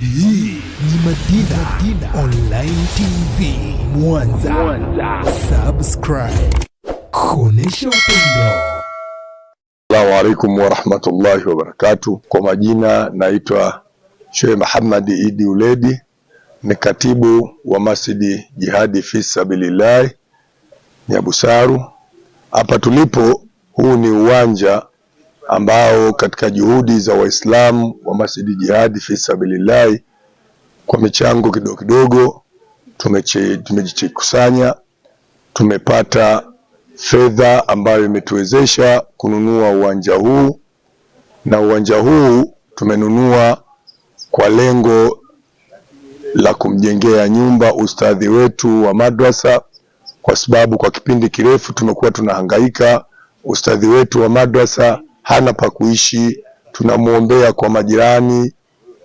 Hii ni Madina, Madina Online TV Mwanza. Mwanza. Subscribe. upendo. Assalamu alaikum warahmatullahi wabarakatu. Kwa majina naitwa Sheikh Muhammad Idi Uledi, ni katibu wa Masjidi Jihadi fi Sabilillah Nyabusaru. Hapa tulipo, huu ni uwanja ambao katika juhudi za Waislamu wa Masjidi Jihadi fi sabilillahi kwa michango kidogo kidogo tumejikusanya, tumepata fedha ambayo imetuwezesha kununua uwanja huu, na uwanja huu tumenunua kwa lengo la kumjengea nyumba ustadhi wetu wa madrasa, kwa sababu kwa kipindi kirefu tumekuwa tunahangaika ustadhi wetu wa madrasa hana pa kuishi, tunamwombea kwa majirani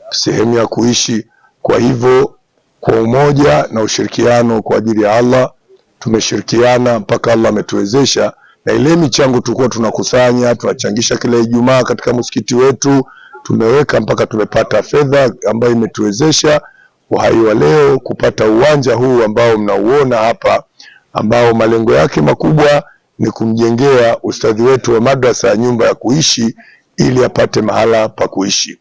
sehemu ya kuishi. Kwa hivyo kwa umoja na ushirikiano kwa ajili ya Allah tumeshirikiana mpaka Allah ametuwezesha, na ile michango tulikuwa tunakusanya tunachangisha kila Ijumaa katika msikiti wetu tumeweka mpaka tumepata fedha ambayo imetuwezesha uhai wa leo kupata uwanja huu ambao mnauona hapa, ambao malengo yake makubwa ni kumjengea ustadhi wetu wa madrasa ya nyumba ya kuishi ili apate mahala pa kuishi.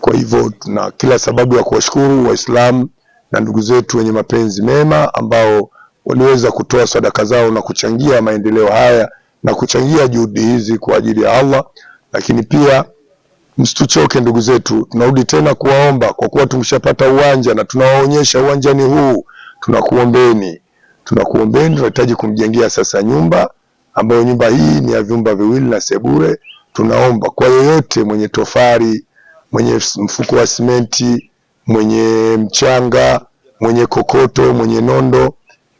Kwa hivyo tuna kila sababu ya kuwashukuru Waislamu na ndugu zetu wenye mapenzi mema ambao waliweza kutoa sadaka zao na kuchangia maendeleo haya na kuchangia juhudi hizi kwa ajili ya Allah. Lakini pia msituchoke ndugu zetu, tunarudi tena kuwaomba kwa kuwa tumeshapata uwanja na tunawaonyesha uwanjani huu, tunakuombeni Tunakuombeni, tunahitaji kumjengea sasa nyumba ambayo nyumba hii ni ya vyumba viwili na sebure. Tunaomba kwa yeyote mwenye tofari, mwenye mfuko wa simenti, mwenye mchanga, mwenye kokoto, mwenye nondo,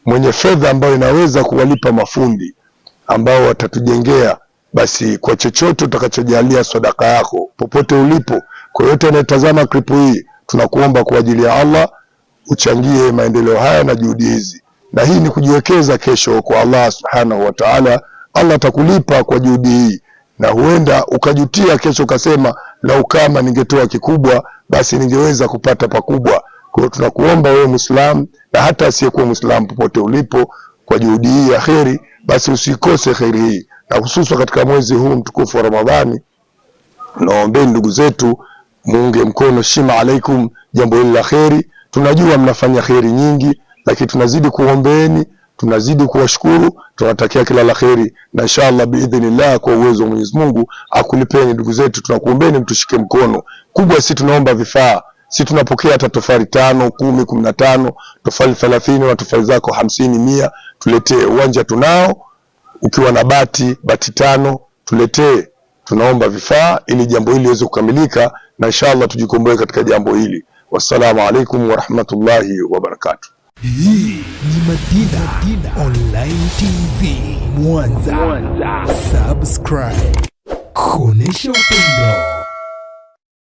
mwenye fedha ambayo inaweza kuwalipa mafundi ambao watatujengea basi kwa chochote utakachojalia sadaka yako popote ulipo, kwa yote anayetazama klipu hii, tunakuomba kwa ajili ya Allah uchangie maendeleo haya na juhudi hizi na hii ni kujiwekeza kesho kwa Allah subhanahu wa ta'ala. Allah atakulipa kwa juhudi hii, na huenda ukajutia kesho ukasema, lau kama ningetoa kikubwa, basi ningeweza kupata pakubwa. Kwa hiyo tunakuomba wewe Muislamu na hata asiyekuwa Muislamu, popote ulipo, kwa juhudi hii ya kheri, basi usikose kheri hii, na hususan katika mwezi huu mtukufu wa Ramadhani. Naombeni ndugu zetu muunge mkono, shima alaikum jambo hili la kheri. Tunajua mnafanya kheri nyingi lakini tunazidi kuombeeni, tunazidi kuwashukuru, tunatakia kila la kheri, na inshallah biidhnillah, kwa uwezo wa Mwenyezi Mungu akulipeni. Ndugu zetu, tunakuombeeni mtushike mkono kubwa. Sisi tunaomba vifaa si tunapokea hata tofali tano kumi kumi na tano tofali thelathini na tofali zako hamsini mia tuletee. Uwanja tunao, ukiwa na bati bati tano tuletee. Tunaomba vifaa ili jambo hili liweze kukamilika, na inshallah tujikomboe katika jambo hili. Wassalamu alaikum warahmatullahi wabarakatuh. Hii ni Madina, Madina Online TV Mwanza. Mwanza. Subscribe. Konesha upendo.